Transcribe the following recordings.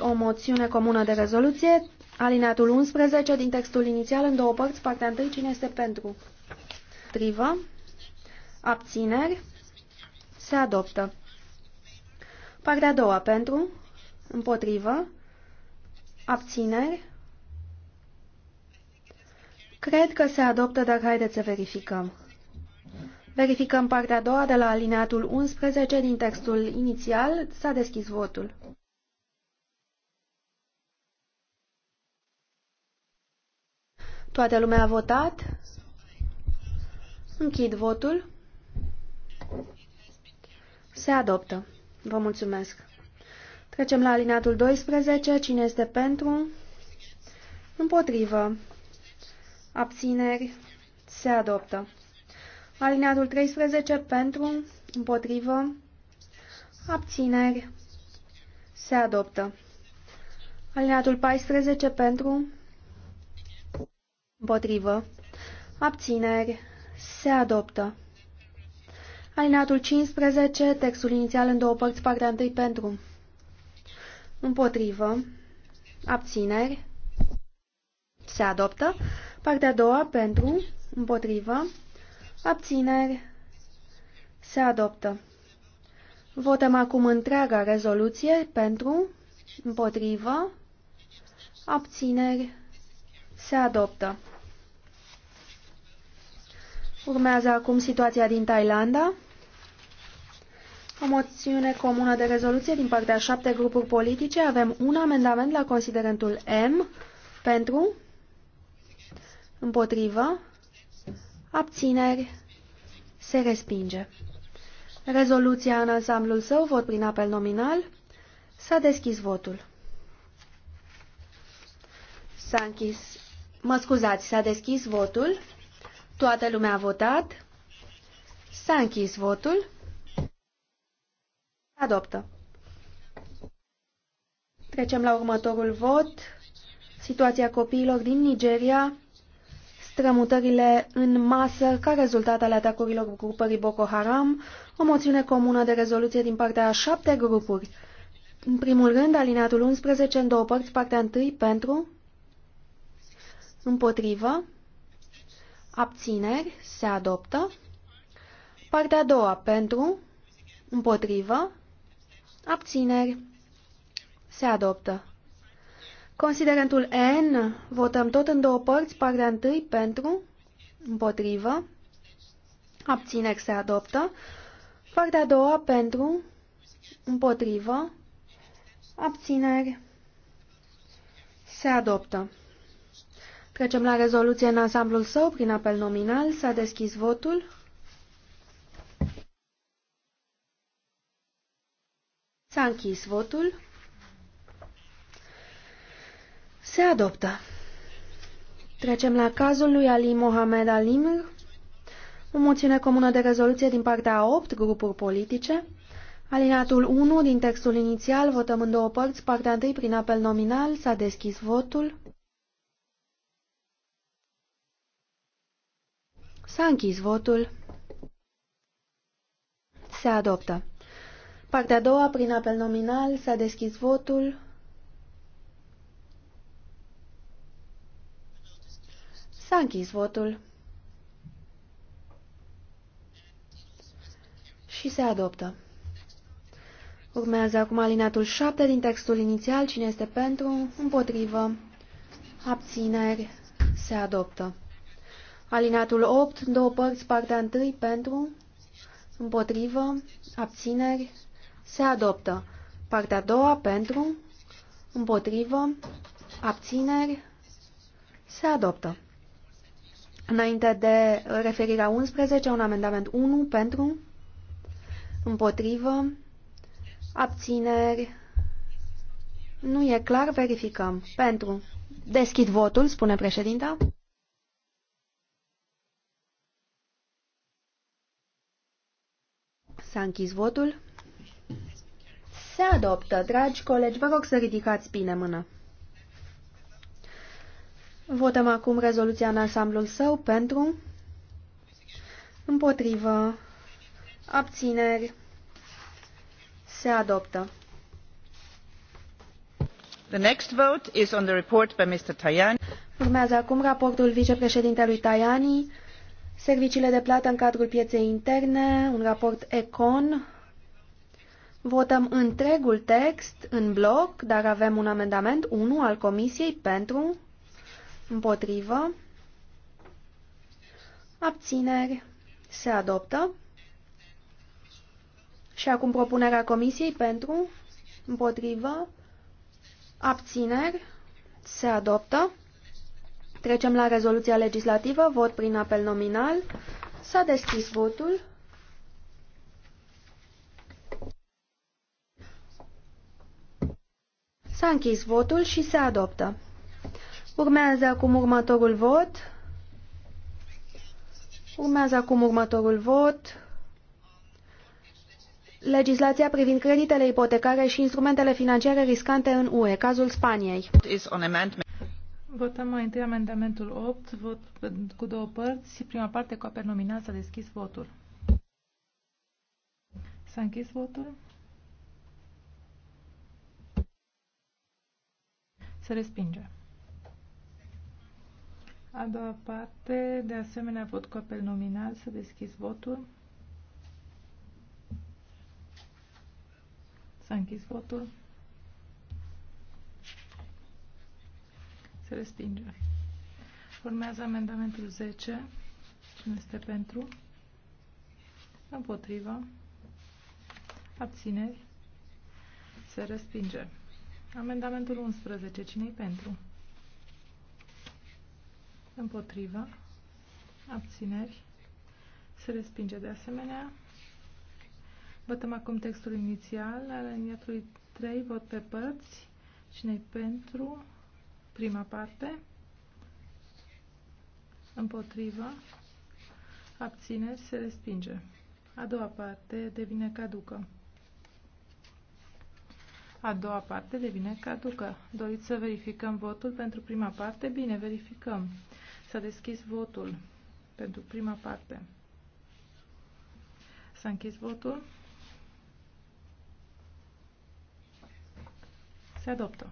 o moțiune comună de rezoluție, alineatul 11 din textul inițial în două părți, partea întâi, cine este pentru? Trivă, abțineri, se adoptă. Partea a doua, pentru, împotrivă, abțineri, cred că se adoptă, dar haideți să verificăm. Verificăm partea a doua de la alineatul 11 din textul inițial, s-a deschis votul. Toată lumea a votat. Închid votul. Se adoptă. Vă mulțumesc. Trecem la alineatul 12. Cine este pentru? Împotrivă. Abțineri. Se adoptă. Alineatul 13. Pentru. Împotrivă. Abțineri. Se adoptă. Alineatul 14. Pentru. Împotrivă. Abțineri. Se adoptă. Alineatul 15, textul inițial în două părți, partea 1 pentru. Împotrivă. Abțineri. Se adoptă. Partea a doua pentru. Împotrivă. Abțineri. Se adoptă. Votăm acum întreaga rezoluție pentru. Împotrivă. Abțineri. Se adoptă. Urmează acum situația din Thailanda. O moțiune comună de rezoluție din partea șapte grupuri politice. Avem un amendament la considerentul M pentru, împotrivă, abțineri, se respinge. Rezoluția în ansamblul său, vot prin apel nominal, s-a deschis votul. S-a închis. Mă scuzați, s-a deschis votul. Toată lumea a votat. S-a închis votul. Adoptă. Trecem la următorul vot. Situația copiilor din Nigeria, strămutările în masă ca rezultat ale atacurilor grupării Boko Haram, o moțiune comună de rezoluție din partea a șapte grupuri. În primul rând, alineatul 11 în două părți, partea 1 pentru, împotrivă, Abțineri se adoptă. Partea a doua pentru, împotrivă, abțineri se adoptă. Considerentul N, votăm tot în două părți, partea întâi pentru, împotrivă, abțineri se adoptă. Partea a doua pentru, împotrivă, abțineri se adoptă. Trecem la rezoluție în ansamblul său prin apel nominal. S-a deschis votul. S-a închis votul. Se adoptă. Trecem la cazul lui Ali Mohamed Alimr, o moțiune comună de rezoluție din partea a 8 grupuri politice. Alinatul 1 din textul inițial, votăm în două părți, partea 1 prin apel nominal, s-a deschis votul. S-a închis votul. Se adoptă. Partea a doua, prin apel nominal, s-a deschis votul. S-a închis votul. Și se adoptă. Urmează acum alineatul 7 din textul inițial. Cine este pentru? Împotrivă. Abțineri. Se adoptă. Alinatul 8, două părți, partea 1 pentru, împotrivă, abțineri, se adoptă. Partea a doua pentru, împotrivă, abțineri, se adoptă. Înainte de referirea 11, un amendament 1 pentru, împotrivă, abțineri, nu e clar, verificăm. Pentru. Deschid votul, spune președinta. S-a închis votul. Se adoptă. Dragi colegi, vă rog să ridicați bine mână. Votăm acum rezoluția în ansamblul său pentru, împotrivă, abțineri, se adoptă. The next vote is on the report by Mr. Tajani. Urmează acum raportul vicepreședintelui Tajani Serviciile de plată în cadrul pieței interne, un raport ECON. Votăm întregul text în bloc, dar avem un amendament 1 al Comisiei pentru, împotrivă, abțineri, se adoptă. Și acum propunerea Comisiei pentru, împotrivă, abțineri, se adoptă. Trecem la rezoluția legislativă, vot prin apel nominal. S-a deschis votul. S-a închis votul și se adoptă. Urmează acum următorul vot. Urmează acum următorul vot. Legislația privind creditele ipotecare și instrumentele financiare riscante în UE, cazul Spaniei. Votăm mai întâi amendamentul 8, vot cu două părți. Prima parte cu apel nominal s-a deschis votul. S-a închis votul. Se respinge. A doua parte, de asemenea, vot cu apel nominal, să deschis votul. S-a închis votul. Se respinge. Formează amendamentul 10. Cine este pentru? Împotriva. Abțineri. Se respinge. Amendamentul 11. Cine-i pentru? Împotriva. Abțineri. Se respinge de asemenea. Votăm acum textul inițial al aliniatului 3, vot pe părți. Cine-i pentru? Prima parte. Împotrivă. Abțineri. Se respinge. A doua parte devine caducă. A doua parte devine caducă. Doriți să verificăm votul pentru prima parte? Bine, verificăm. S-a deschis votul pentru prima parte. S-a închis votul. Se adoptă.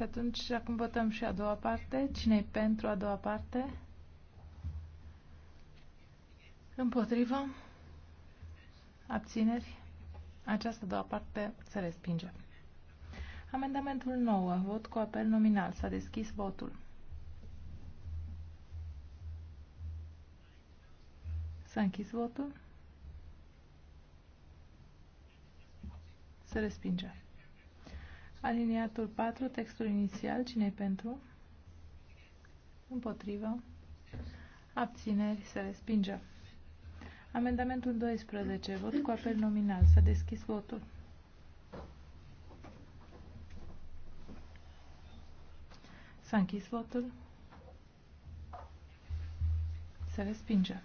Și atunci, acum votăm și a doua parte. cine e pentru a doua parte? Împotrivă? Abțineri? Această a doua parte se respinge. Amendamentul 9. Vot cu apel nominal. S-a deschis votul. S-a închis votul. Se respinge. Aliniatul 4, textul inițial, cine pentru? Împotrivă. Abțineri, se respinge. Amendamentul 12, vot cu apel nominal. S-a deschis votul. S-a închis votul. Se respinge.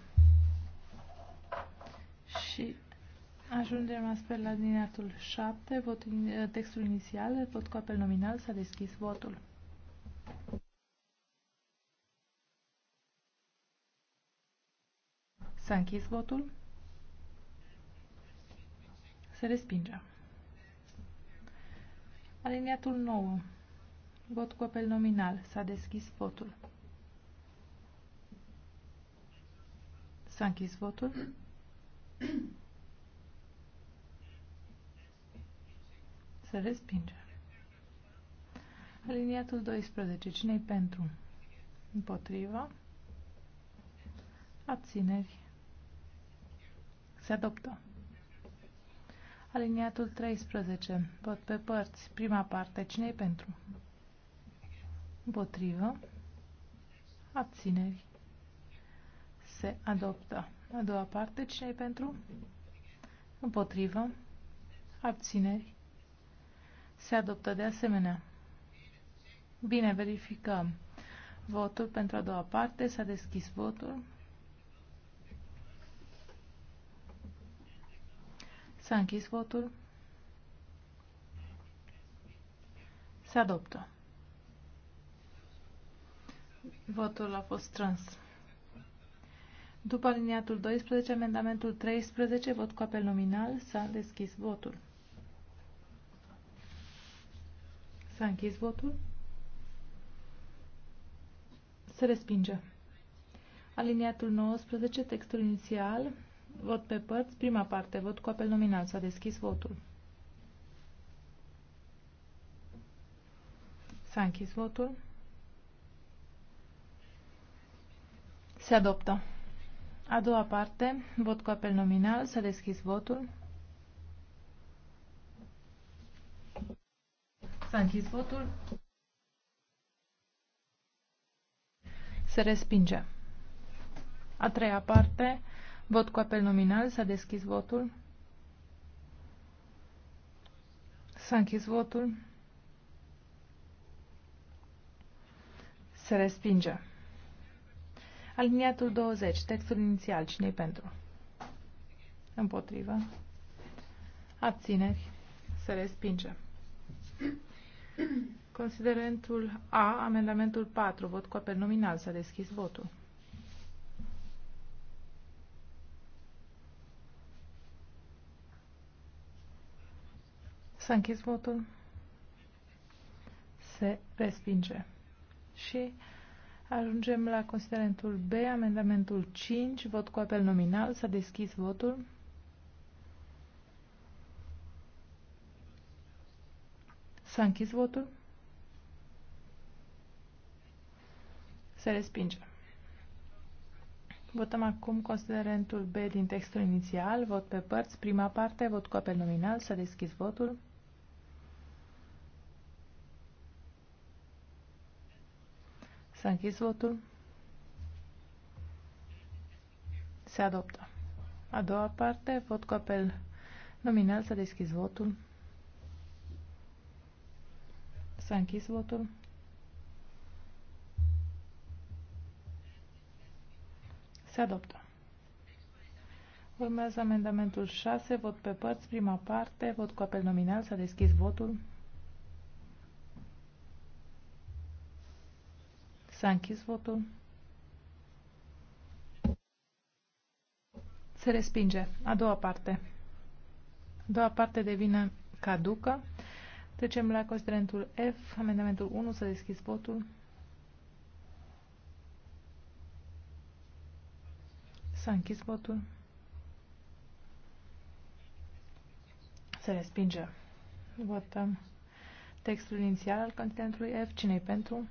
Și Ajungem astfel la liniatul 7, vot, eh, textul inițial, vot cu apel nominal, s-a deschis votul. S-a închis votul. Se respinge. Aliniatul 9. Vot cu apel nominal. S-a deschis votul. S-a închis votul. Se respinge. Aliniatul 12. Cine-i pentru? Împotriva. Abțineri. Se adoptă. Aliniatul 13. Vot pe părți. Prima parte. Cine-i pentru? Împotrivă. Abțineri. Se adoptă. A doua parte. Cine-i pentru? Împotrivă. Abțineri. Se adoptă de asemenea. Bine, verificăm. Votul pentru a doua parte. S-a deschis votul. S-a închis votul. Se adoptă. Votul a fost strâns. După aliniatul 12, amendamentul 13, vot cu apel nominal, s-a deschis votul. S-a închis votul. Se respinge. Aliniatul 19, textul inițial, vot pe părți, prima parte, vot cu apel nominal. S-a deschis votul. S-a închis votul. Se adoptă. A doua parte, vot cu apel nominal, s-a deschis votul. S-a închis votul. Se respinge. A treia parte, vot cu apel nominal, s-a deschis votul. S-a închis votul. Se respinge. Aliniatul 20, textul inițial, cine pentru? Împotrivă. Abțineri. Se respinge. Considerentul A, amendamentul 4, vot cu apel nominal, s-a deschis votul. S-a închis votul. Se respinge. Și ajungem la considerentul B, amendamentul 5, vot cu apel nominal, s-a deschis votul. S-a închis votul. Se respinge. Votăm acum considerentul B din textul inițial, vot pe părți, prima parte, vot cu apel nominal, să deschis votul. S-a închis votul. Se adoptă. A doua parte, vot cu apel nominal, să deschis votul. S-a închis votul. Se adoptă. Urmează amendamentul 6, vot pe părți, prima parte, vot cu apel nominal, s-a deschis votul. S-a închis votul. Se respinge. A doua parte. A doua parte devine caducă. Trecem la considerentul F, amendamentul 1, să deschis votul. S-a închis votul. Se respinge. Votăm textul inițial al conținutului F. Cine-i pentru?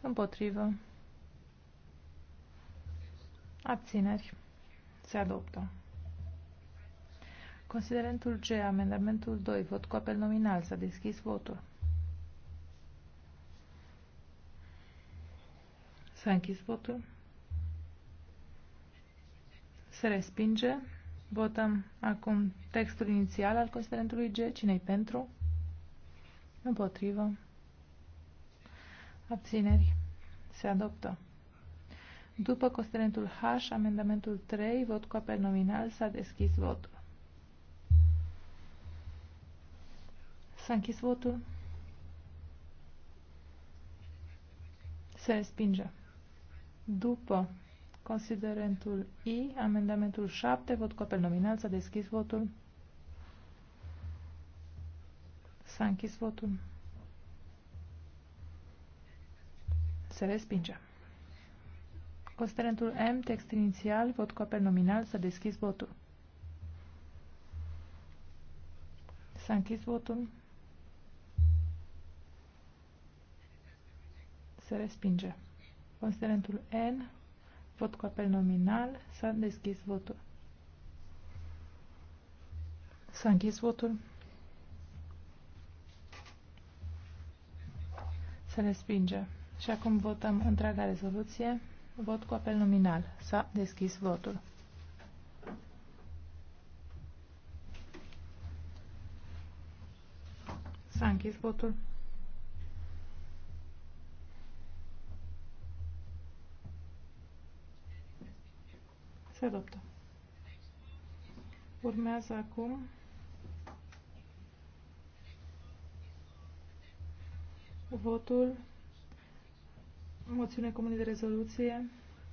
Împotrivă. Abțineri. Se adoptă. Considerentul G, amendamentul 2, vot cu apel nominal. S-a deschis votul. S-a închis votul. Se respinge. Votăm acum textul inițial al considerentului G. Cine-i pentru? Împotrivă. Abțineri. Se adoptă. După considerentul H, amendamentul 3, vot cu apel nominal, s-a deschis votul. S-a închis votul. Se respinge. După considerentul I, amendamentul 7, vot cu apel nominal, s-a deschis votul. S-a închis votul. Se respinge. Considerentul M, text inițial, vot cu apel nominal, s-a deschis votul. S-a închis votul. Se respinge. Considerentul N, vot cu apel nominal, s-a deschis votul. S-a închis votul. Se respinge. Și acum votăm întreaga rezoluție. Vot cu apel nominal. S-a deschis votul. S-a închis votul. Se adoptă. Urmează acum votul moțiune comună de rezoluție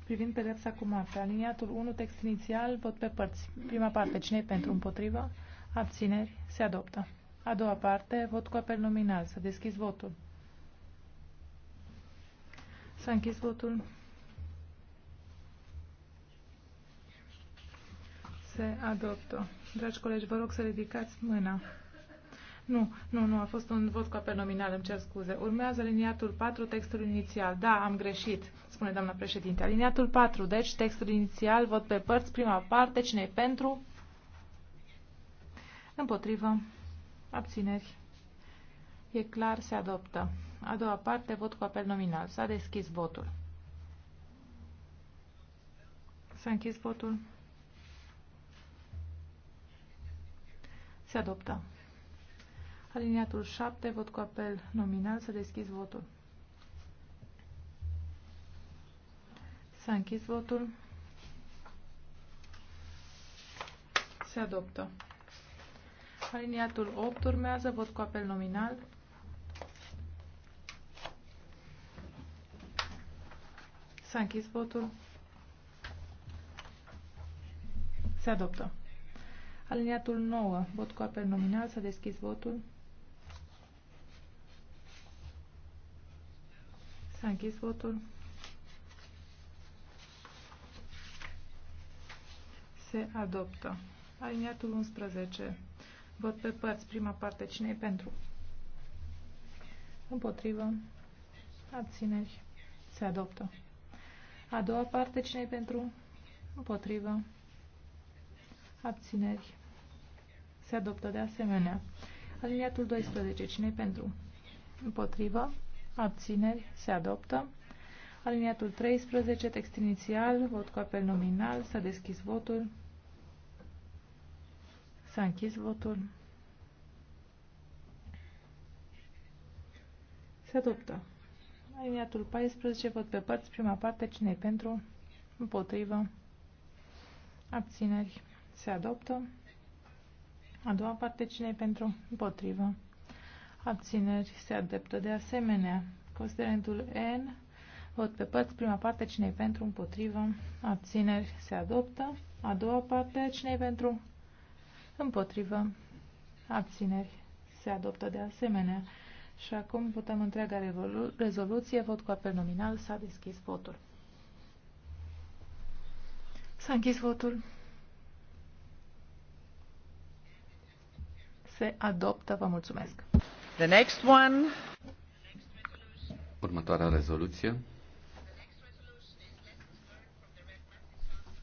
privind pedepsa cu moartea. Aliniatul 1, text inițial, vot pe părți. Prima parte, cine pentru, împotrivă, abțineri, se adoptă. A doua parte, vot cu apel nominal. Să deschis votul. S-a închis votul. se adoptă. Dragi colegi, vă rog să ridicați mâna. Nu, nu, nu, a fost un vot cu apel nominal, îmi cer scuze. Urmează liniatul 4, textul inițial. Da, am greșit, spune doamna președinte. Liniatul 4, deci textul inițial, vot pe părți, prima parte, cine e pentru? Împotrivă, abțineri. E clar, se adoptă. A doua parte, vot cu apel nominal. S-a deschis votul. S-a închis votul. Se adoptă. Aliniatul 7, vot cu apel nominal, să deschizi votul. S-a închis votul. Se adoptă. Aliniatul 8 urmează, vot cu apel nominal. S-a închis votul. Se adoptă. Aliniatul 9. Vot cu apel nominal. S-a deschis votul. S-a închis votul. Se adoptă. Aliniatul 11. Vot pe părți. Prima parte. cine e pentru? Împotrivă. Abțineri. Se adoptă. A doua parte. cine e pentru? Împotrivă. Abțineri. Se adoptă de asemenea. Aliniatul 12. cine pentru? Împotrivă. Abțineri. Se adoptă. Aliniatul 13. Text inițial. Vot cu apel nominal. S-a deschis votul. S-a închis votul. Se adoptă. Aliniatul 14. Vot pe părți. Prima parte. cine pentru? Împotrivă. Abțineri. Se adoptă. A doua parte, cine pentru? Împotrivă. Abțineri se adoptă de asemenea. Considerentul N, vot pe părți, prima parte, cine pentru? Împotrivă. Abțineri se adoptă. A doua parte, cine pentru? Împotrivă. Abțineri se adoptă de asemenea. Și acum putem întreaga rezoluție. Vot cu apel nominal. S-a deschis votul. S-a închis votul. se adoptă. Vă mulțumesc. The next one. Următoarea rezoluție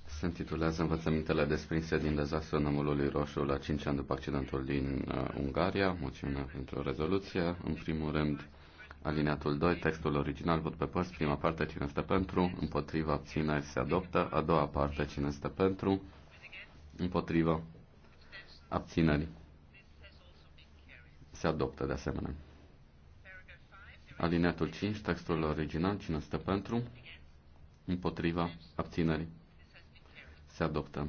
se intitulează Învățămintele desprinse din dezastrul Nămulului Roșu la 5 ani după accidentul din uh, Ungaria. Mulțumim pentru rezoluție. În primul rând, alineatul 2, textul original, vot pe post prima parte, cine este pentru, împotriva, abțineri, se adoptă, a doua parte, cine este pentru, împotriva, abțineri se adoptă de asemenea. Alineatul 5, textul original, cine stă pentru, împotriva, abținerii, se adoptă.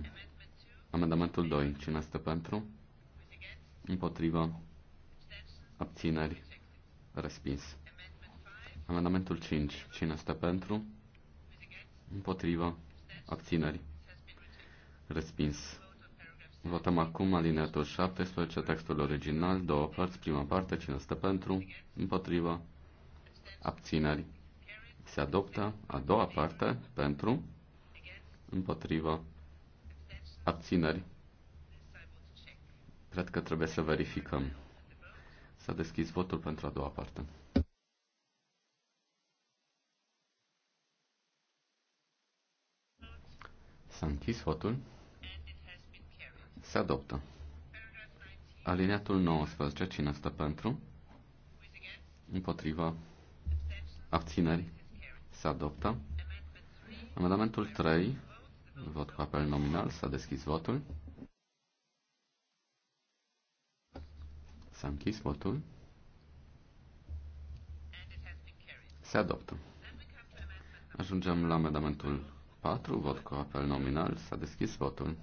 Amendamentul 2, cine stă pentru, împotriva, abținerii, respins. Amendamentul 5, cine stă pentru, împotriva, abținerii, respins. Votăm acum alineatul 17, textul original, două părți, prima parte, cine stă pentru, împotriva, abțineri. Se adoptă a doua parte, pentru, împotriva, abțineri. Cred că trebuie să verificăm. S-a deschis votul pentru a doua parte. S-a închis votul. Se adoptă. Aliniatul 19. Cine stă pentru? Împotriva. Abțineri. Se adoptă. Amendamentul 3. Vot cu apel nominal. S-a deschis votul. S-a închis votul. Se adoptă. Ajungem la amendamentul 4. Vot cu apel nominal. S-a deschis votul.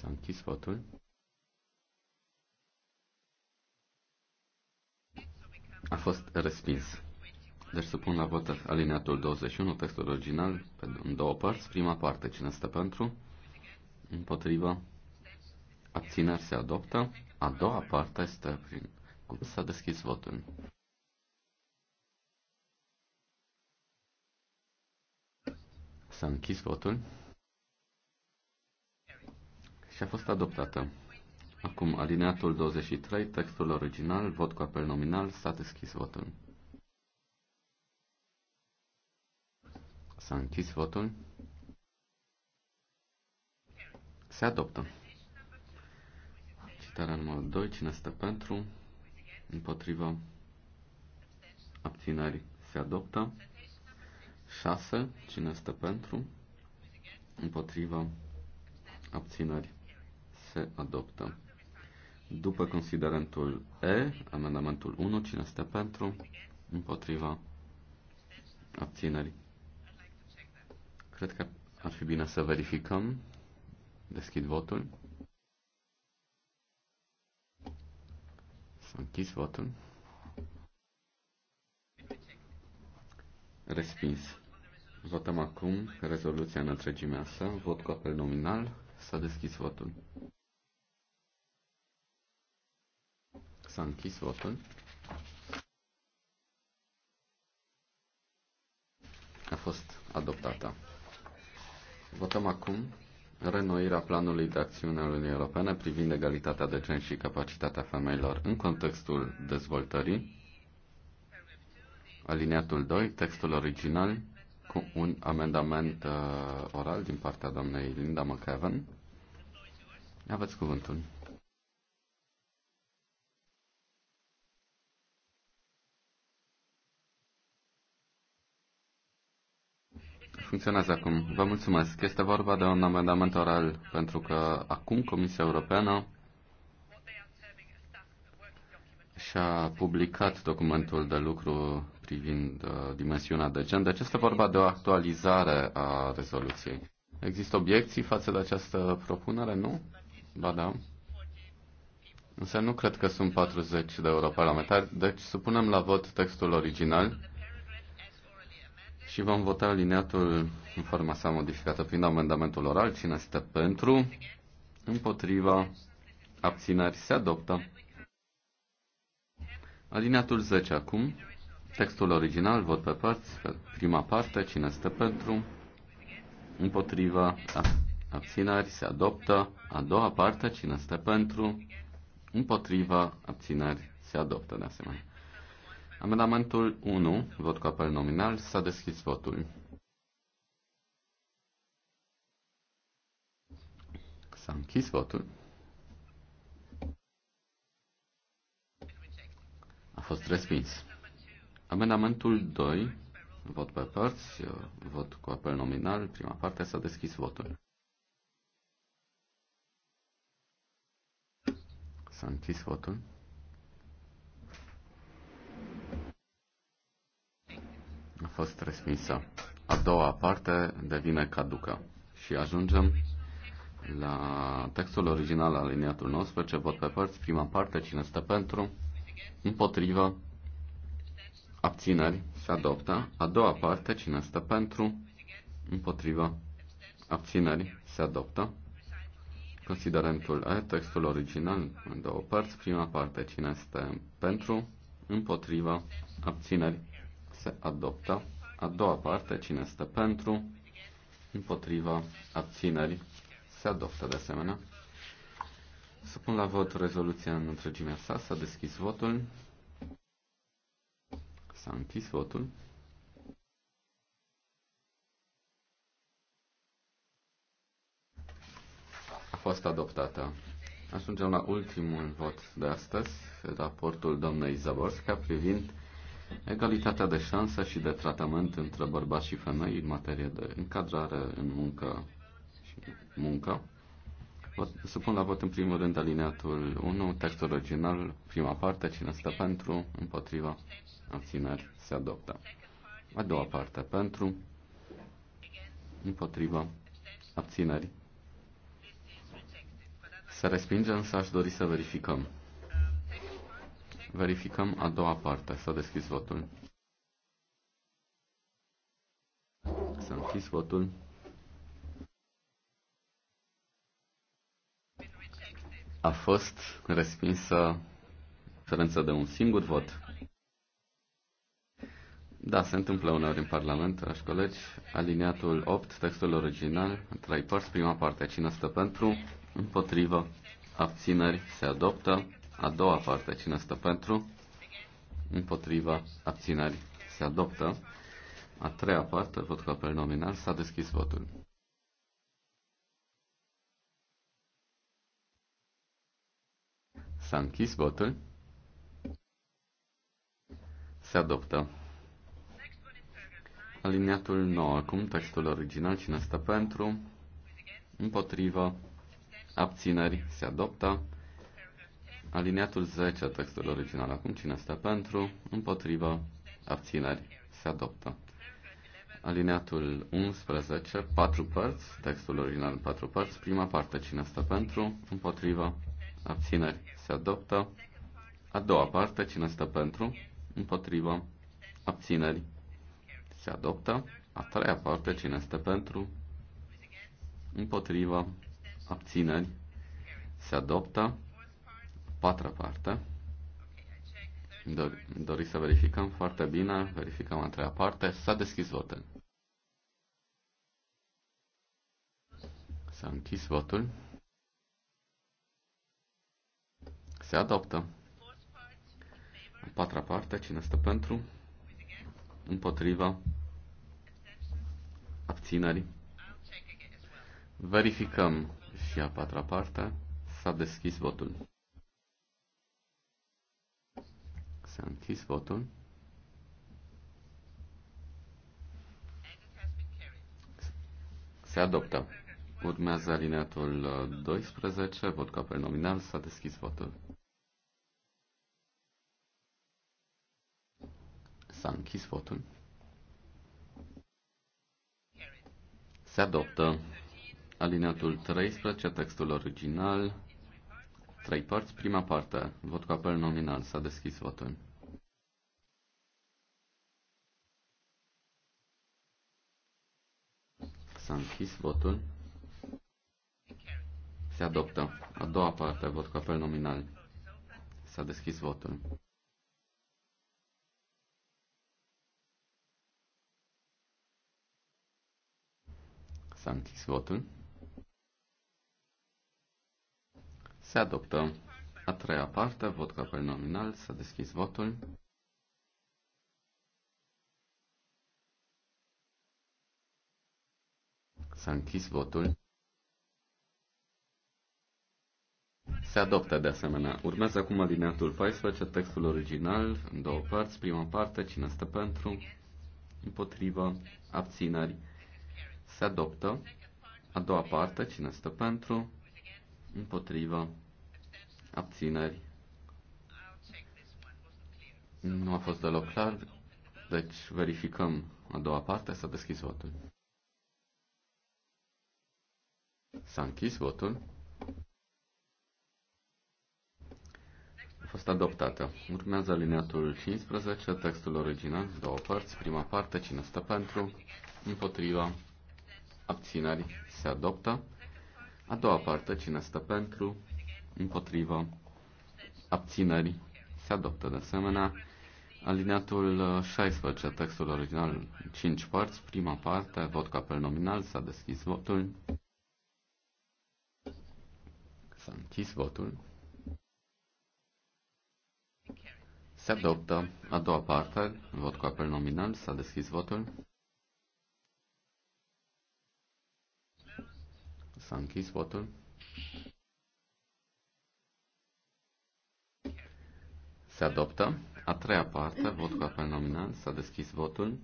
S-a închis votul. A fost respins. Deci supun la vot alineatul 21, textul original, în două părți. Prima parte, cine stă pentru? Împotrivă. Abțineri se adoptă. A doua parte este prin... Cum s-a deschis votul? S-a închis votul și a fost adoptată. Acum, alineatul 23, textul original, vot cu apel nominal, s-a deschis votul. S-a închis votul. Se adoptă. Citarea numărul 2, cine este pentru? Împotriva abținerii se adoptă. 6, cine este pentru? Împotriva abținerii se adoptă. După considerentul E, amendamentul 1, cine este pentru, împotriva, abțineri. Cred că ar fi bine să verificăm. Deschid votul. S-a închis votul. Respins. Votăm acum rezoluția în întregimea sa. Vot cu apel nominal. S-a deschis votul. S-a închis votul. A fost adoptată. Votăm acum renoirea planului de acțiune al Uniunii Europene privind egalitatea de gen și capacitatea femeilor în contextul dezvoltării. Aliniatul 2, textul original cu un amendament uh, oral din partea doamnei Linda McEwen. Aveți cuvântul. funcționează acum. Vă mulțumesc. Este vorba de un amendament oral, pentru că acum Comisia Europeană și-a publicat documentul de lucru privind uh, dimensiunea de gen. Deci este vorba de o actualizare a rezoluției. Există obiecții față de această propunere, nu? Ba da. Însă nu cred că sunt 40 de europarlamentari, deci supunem la vot textul original. Și vom vota alineatul în forma sa modificată prin amendamentul oral. Cine stă pentru? Împotriva? Abțineri? Se adoptă. Alineatul 10 acum. Textul original, vot pe părți, pe prima parte, cine stă pentru, împotriva, abțineri, se adoptă, a doua parte, cine stă pentru, împotriva, abțineri, se adoptă de asemenea. Amendamentul 1, vot cu apel nominal, s-a deschis votul. S-a închis votul. A fost respins. Amendamentul 2, vot pe părți, vot cu apel nominal, prima parte, s-a deschis votul. S-a închis votul. fost respinsă. A doua parte devine caducă. Și ajungem la textul original al liniatul 19, vot pe părți, prima parte, cine stă pentru, împotrivă, abțineri, se adoptă. A doua parte, cine stă pentru, împotrivă, abțineri, se adoptă. Considerentul E, textul original, în două părți, prima parte, cine stă pentru, împotrivă, abțineri, se adoptă. A doua parte, cine stă pentru, împotriva, abțineri, se adoptă de asemenea. Să pun la vot rezoluția în întregimea sa, s-a deschis votul, s-a închis votul. A fost adoptată. Ajungem la ultimul vot de astăzi, raportul doamnei Zaborska privind egalitatea de șanse și de tratament între bărbați și femei în materie de încadrare în muncă și muncă. Să pun la vot în primul rând alineatul 1, textul original, prima parte, cine stă pentru, împotriva, abțineri, se adoptă. A doua parte, pentru, împotriva, abțineri. Se respinge, însă aș dori să verificăm. Verificăm a doua parte. S-a deschis votul. S-a închis votul. A fost respinsă diferența de un singur vot. Da, se întâmplă uneori în Parlament, dragi colegi. Aliniatul 8, textul original, trei părți, prima parte, cine stă pentru, împotrivă, abțineri, se adoptă. A doua parte, cine stă pentru? Împotriva abținării. se adoptă. A treia parte, vot cu apel nominal, s-a deschis votul. S-a închis votul. Se adoptă. Aliniatul nou, Acum textul original. Cine stă pentru? împotriva Abțineri. Se adoptă. Aliniatul 10, textului original. Acum cine este pentru, împotriva, abțineri, se adoptă. Aliniatul 11, 4 părți, textul original 4 părți, prima parte cine stă pentru, împotriva, abțineri, se adoptă. A doua parte cine stă pentru, împotriva, abțineri, se adoptă. A treia parte cine stă pentru, împotriva, abțineri, se adoptă patra parte. Dori, dori să verificăm foarte bine, verificăm a treia parte. S-a deschis votul. S-a închis votul. Se adoptă. A patra parte, cine stă pentru? Împotriva. Abținerii. Verificăm și a patra parte. S-a deschis votul. Să închis votul. Se adoptă. Urmează alineatul 12, vot ca apel nominal, s-a deschis votul. S-a închis votul. Se adoptă alineatul 13, textul original, trei părți, prima parte, vot cu apel nominal, s-a deschis votul. S-a închis votul. Se adoptă. A doua parte, vot cu apel nominal. S-a deschis votul. S-a închis votul. Se adoptă. A treia parte, vot cu apel nominal. S-a deschis votul. S-a închis votul. Se adoptă de asemenea. Urmează acum alineatul 14, textul original, în două părți. Prima parte, cine stă pentru, împotriva, abțineri. Se adoptă. A doua parte, cine stă pentru, împotriva, abțineri. Nu a fost deloc clar, deci verificăm a doua parte, s-a deschis votul. S-a închis votul. A fost adoptată. Urmează alineatul 15, textul original, două părți. Prima parte, cine stă pentru, împotriva, abțineri, se adoptă. A doua parte, cine stă pentru, împotriva, abțineri, se adoptă de asemenea. Alineatul 16, textul original, 5 părți, prima parte, vot cu apel nominal, s-a deschis votul. S-a închis votul. Se adoptă a doua parte, vot cu apel nominal, s-a deschis votul. S-a închis votul. Se adoptă a treia parte, vot cu apel nominal, s-a deschis votul.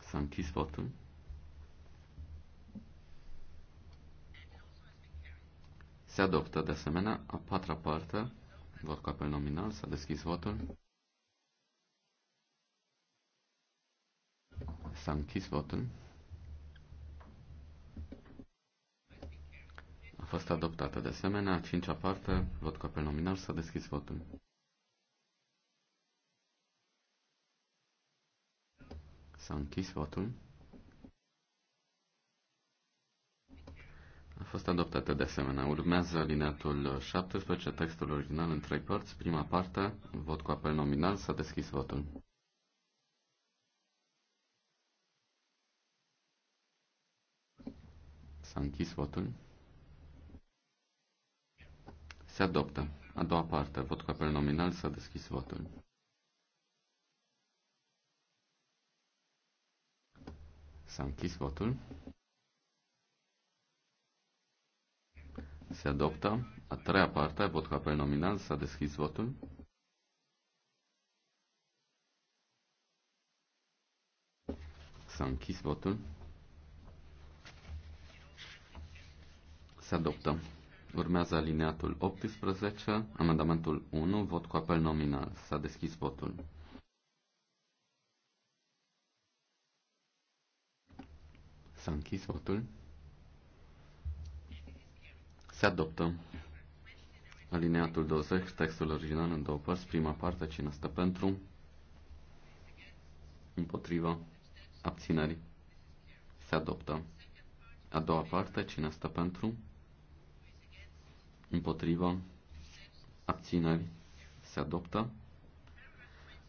S-a închis votul. Se adoptă, de asemenea, a patra parte, vot cu apel nominal, s-a deschis votul. S-a închis votul. A fost adoptată, de asemenea, a cincea parte, vot cu apel nominal, s-a deschis votul. S-a închis votul. A fost adoptată de asemenea. Urmează alineatul 17, textul original în trei părți. Prima parte, vot cu apel nominal, s-a deschis votul. S-a închis votul. Se adoptă. A doua parte, vot cu apel nominal, s-a deschis votul. S-a închis votul. se adoptă. A treia parte, vot cu apel nominal, s-a deschis votul. S-a închis votul. Se adoptă. Urmează alineatul 18, amendamentul 1, vot cu apel nominal. S-a deschis votul. S-a închis votul. Se adoptă alineatul 20, textul original în două părți, prima parte, cine stă pentru, împotriva, abținerii, se adoptă. A doua parte, cine stă pentru, împotriva, abținerii, se adoptă.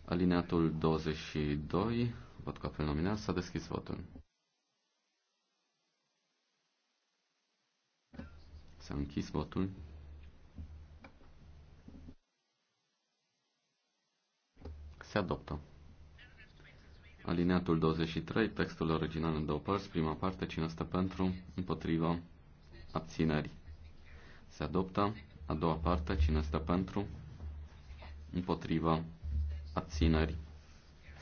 Alineatul 22, văd că apel nominal, s-a deschis votul. s închis votul. Se adoptă. Alineatul 23, textul original în două părți, prima parte, cine stă pentru, împotriva, abțineri. Se adoptă. A doua parte, cine stă pentru, împotriva, abțineri.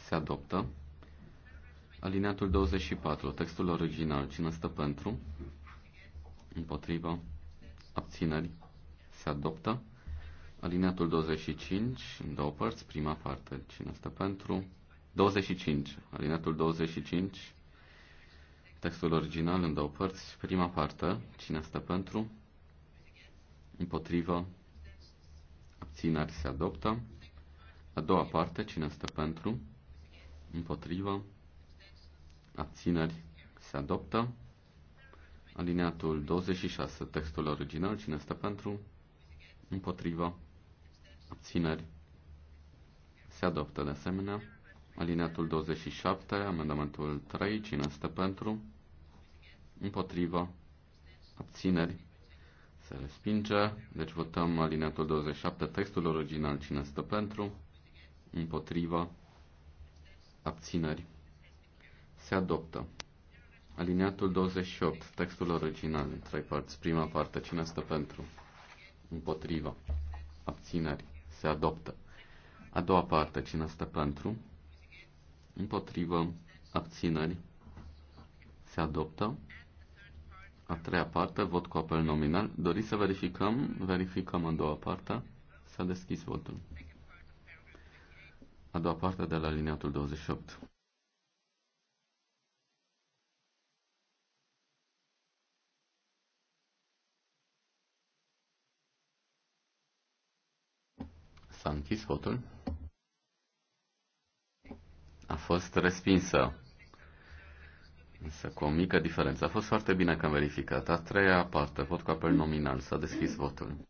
Se adoptă. Alineatul 24, textul original, cine stă pentru, împotriva, abțineri, se adoptă. Alineatul 25, în două părți, prima parte, cine este pentru? 25, alineatul 25, textul original în două părți, prima parte, cine este pentru? Împotrivă, abțineri, se adoptă. A doua parte, cine este pentru? Împotrivă, abțineri, se adoptă. Alineatul 26, textul original, cine este pentru? Împotriva. Abțineri. Se adoptă de asemenea. Alineatul 27, amendamentul 3, cine este pentru? Împotriva. Abțineri. Se respinge. Deci votăm alineatul 27, textul original, cine este pentru? Împotriva. Abțineri. Se adoptă. Alineatul 28, textul original, trei părți. Prima parte, cine stă pentru? Împotriva. Abțineri. Se adoptă. A doua parte, cine stă pentru? Împotrivă. Abțineri. Se adoptă. A treia parte, vot cu apel nominal. Doriți să verificăm? Verificăm în doua parte. S-a deschis votul. A doua parte de la alineatul 28. S-a închis votul. A fost respinsă. Însă cu o mică diferență. A fost foarte bine că am verificat. A treia parte, vot cu apel nominal. S-a deschis votul.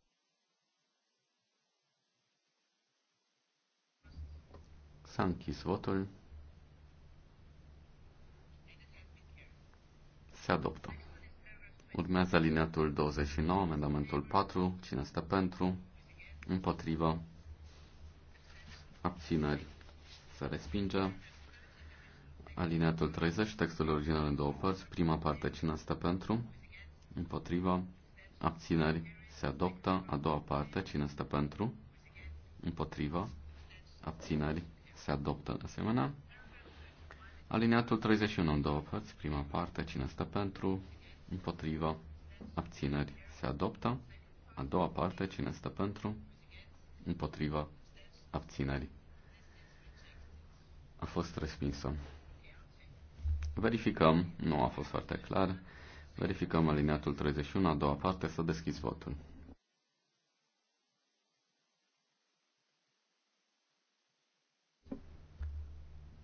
S-a închis votul. Se adoptă. Urmează alineatul 29, amendamentul 4. Cine stă pentru? Împotrivă abțineri, se respinge. Alineatul 30, textul original în două părți, prima parte cine stă pentru, împotriva, abțineri, se adoptă, a doua parte cine stă pentru, împotriva, abțineri, se adoptă de asemenea. Alineatul 31 în două părți, prima parte cine stă pentru, împotriva, abțineri, se adoptă, a doua parte cine stă pentru, împotriva, abțineri a fost respinsă. Verificăm, nu a fost foarte clar. Verificăm alineatul 31, a doua parte, să deschis votul.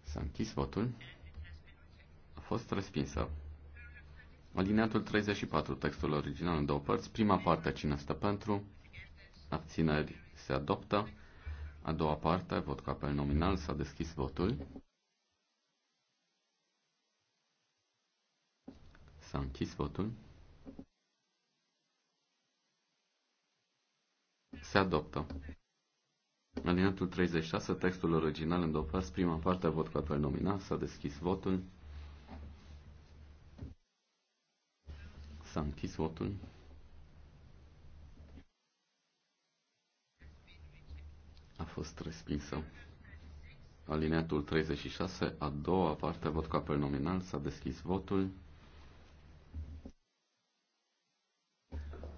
S-a închis votul. A fost respinsă. Alineatul 34, textul original în două părți. Prima parte, cine stă pentru? Abțineri se adoptă. A doua parte, vot cu apel nominal, s-a deschis votul. S-a închis votul. Se adoptă. Alinatul 36, textul original în două părți, prima parte, vot cu apel nominal, s-a deschis votul. S-a închis votul. fost respinsă. Alineatul 36, a doua parte, vot cu apel nominal, s-a deschis votul.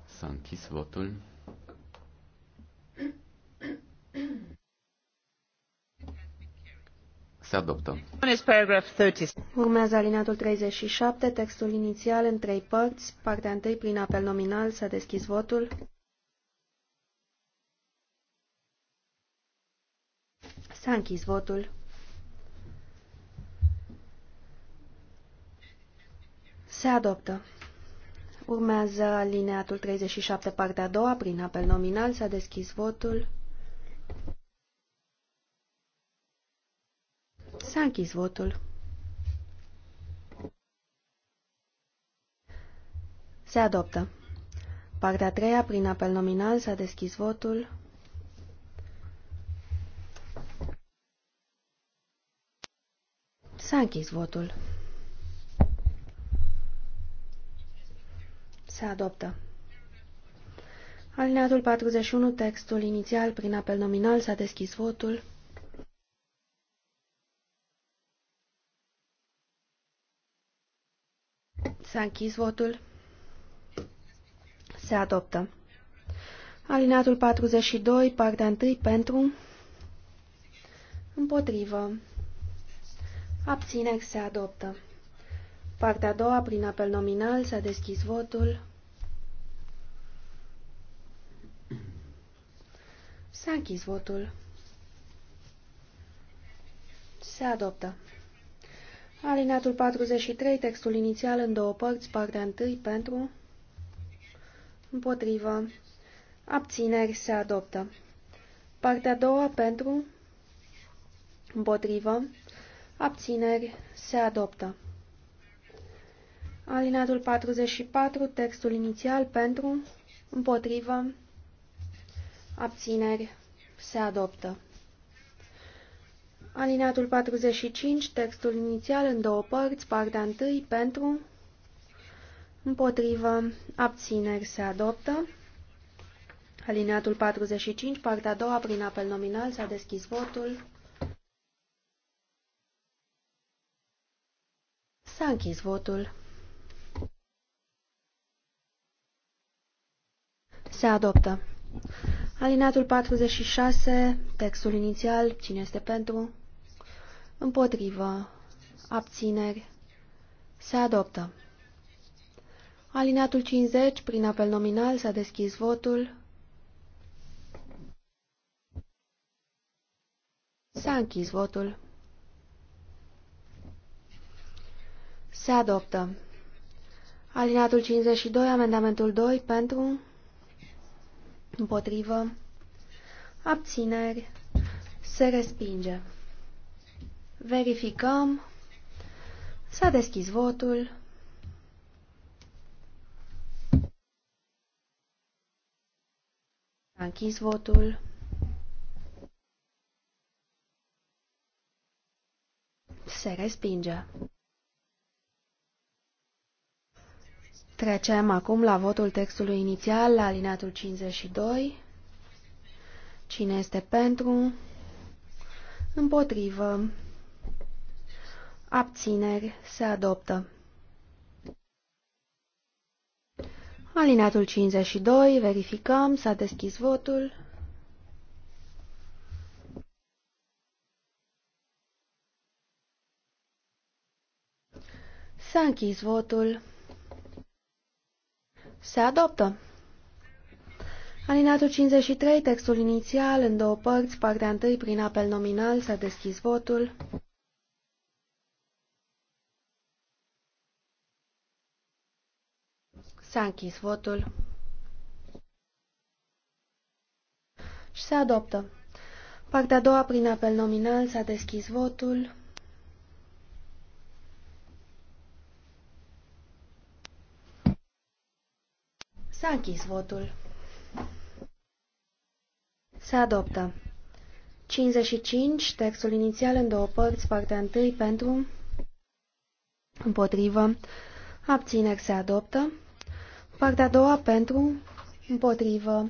S-a închis votul. Se adoptă. Urmează alineatul 37, textul inițial în trei părți. Partea întâi prin apel nominal s-a deschis votul. S-a închis votul. Se adoptă. Urmează alineatul 37, partea a doua, prin apel nominal. S-a deschis votul. S-a închis votul. Se adoptă. Partea a treia, prin apel nominal, s-a deschis votul. S-a închis votul. Se adoptă. Alineatul 41, textul inițial prin apel nominal, s-a deschis votul. S-a închis votul. Se adoptă. Alineatul 42, partea 1, pentru, împotrivă, Abțineri se adoptă. Partea a doua, prin apel nominal, s-a deschis votul. S-a închis votul. Se adoptă. Alineatul 43, textul inițial în două părți, partea întâi pentru, împotrivă, abțineri se adoptă. Partea a doua pentru, împotrivă, Abțineri. Se adoptă. Alinatul 44, textul inițial pentru, împotrivă, abțineri, se adoptă. Alineatul 45, textul inițial în două părți, partea întâi, pentru, împotrivă, abțineri se adoptă. Alineatul 45, partea a doua, prin apel nominal, s-a deschis votul. S-a închis votul. Se adoptă. Alinatul 46, textul inițial, cine este pentru? Împotrivă. Abțineri. Se adoptă. Alineatul 50, prin apel nominal, s-a deschis votul. S-a închis votul. Se adoptă. Alinatul 52, amendamentul 2, pentru, împotrivă, abțineri, se respinge. Verificăm. S-a deschis votul. S-a închis votul. Se respinge. Trecem acum la votul textului inițial, la alineatul 52. Cine este pentru? Împotrivă. Abțineri. Se adoptă. Alineatul 52. Verificăm. S-a deschis votul. S-a închis votul. Se adoptă. Alineatul 53, textul inițial, în două părți, partea întâi prin apel nominal, s-a deschis votul. S-a închis votul. Și se adoptă. Partea a doua, prin apel nominal, s-a deschis votul. S-a închis votul. Se adoptă. 55, textul inițial în două părți, partea 1 pentru, împotrivă, abțineri se adoptă, partea a doua pentru, împotrivă,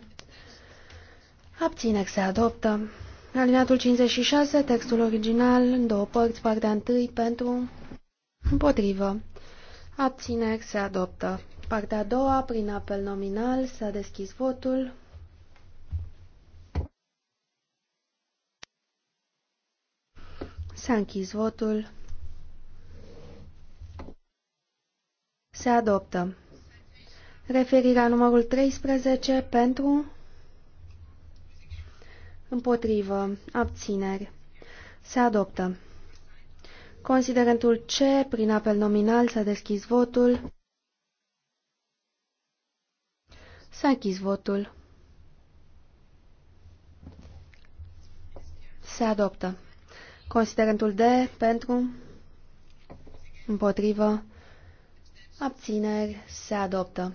abțineri se adoptă, alineatul 56, textul original în două părți, partea 1 pentru, împotrivă, Abțineri se adoptă. Partea a doua, prin apel nominal, s-a deschis votul. S-a închis votul. Se adoptă. Referirea numărul 13 pentru împotrivă abțineri. Se adoptă. Considerentul C, prin apel nominal, s-a deschis votul. S-a închis votul. Se adoptă. Considerentul D, pentru, împotrivă, abțineri, se adoptă.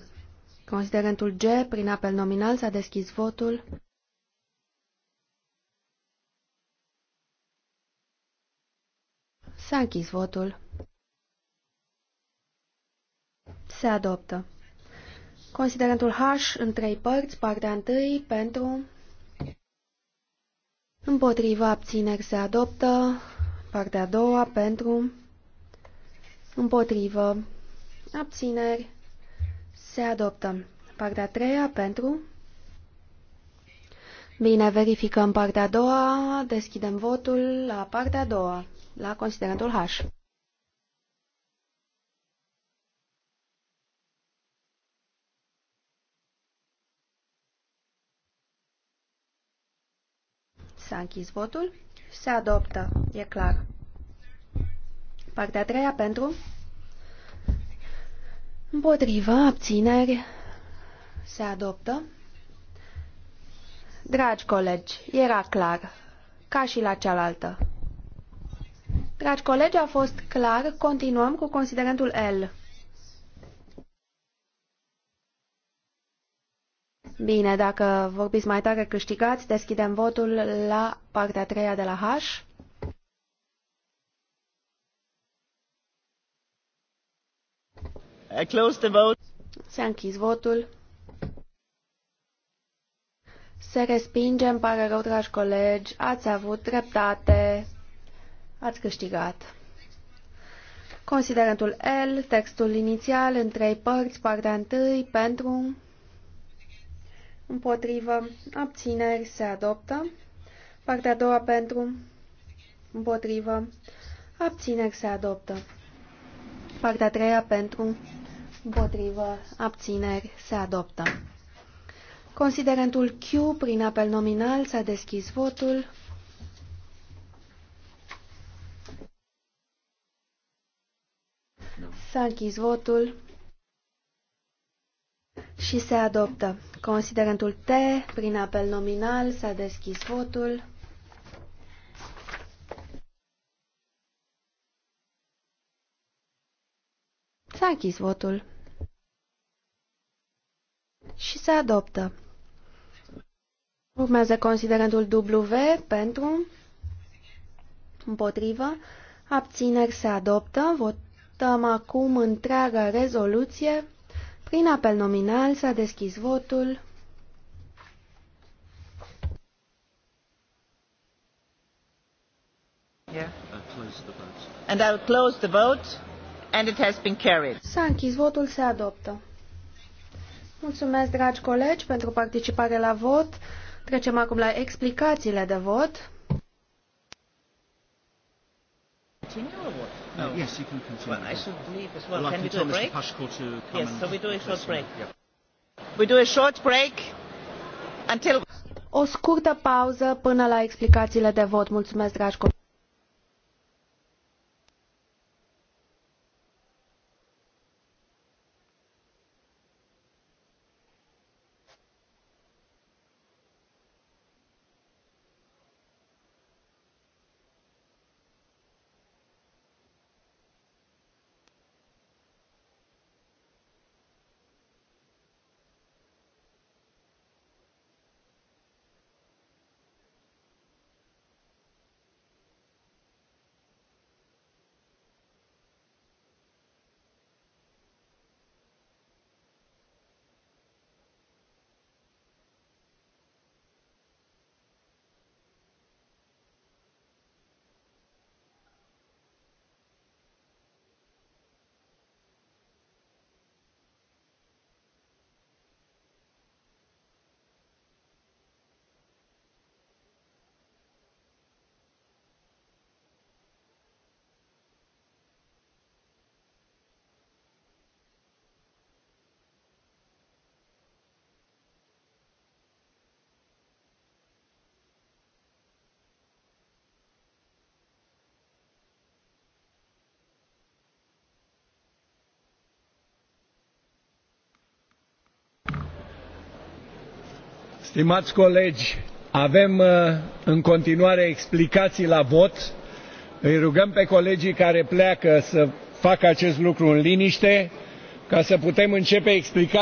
Considerentul G, prin apel nominal, s-a deschis votul. S-a închis votul. Se adoptă. Considerentul H în trei părți, partea întâi pentru împotriva abțineri se adoptă, partea a doua pentru împotrivă abțineri se adoptă, partea a treia pentru Bine, verificăm partea a doua, deschidem votul la partea a doua, la considerentul H. S-a închis votul. Se adoptă, e clar. Partea a treia pentru. Împotriva, abțineri. Se adoptă. Dragi colegi, era clar, ca și la cealaltă. Dragi colegi, a fost clar, continuăm cu considerentul L. Bine, dacă vorbiți mai tare, câștigați. Deschidem votul la partea a treia de la H. I close the vote. S-a închis votul. Se respinge, îmi pare rău, dragi colegi, ați avut dreptate, ați câștigat. Considerentul L, textul inițial în trei părți, partea întâi, pentru, împotrivă, abțineri, se adoptă. Partea a doua pentru, împotrivă, abțineri, se adoptă. Partea a treia pentru, împotrivă, abțineri, se adoptă. Considerentul Q prin apel nominal s-a deschis votul. S-a închis votul și se adoptă. Considerentul T, prin apel nominal, s-a deschis votul. S-a închis votul și se adoptă. Urmează considerentul W pentru, împotrivă, abțineri se adoptă. Votăm acum întreaga rezoluție. Prin apel nominal s-a deschis votul. Yeah. And I'll close the vote and it has been carried. S-a închis votul, se adoptă. Mulțumesc, dragi colegi, pentru participare la vot. Trecem acum la explicațiile de vot. O scurtă pauză până la explicațiile de vot. Mulțumesc, dragi colegi. Stimați colegi, avem uh, în continuare explicații la vot. Îi rugăm pe colegii care pleacă să facă acest lucru în liniște ca să putem începe explicațiile.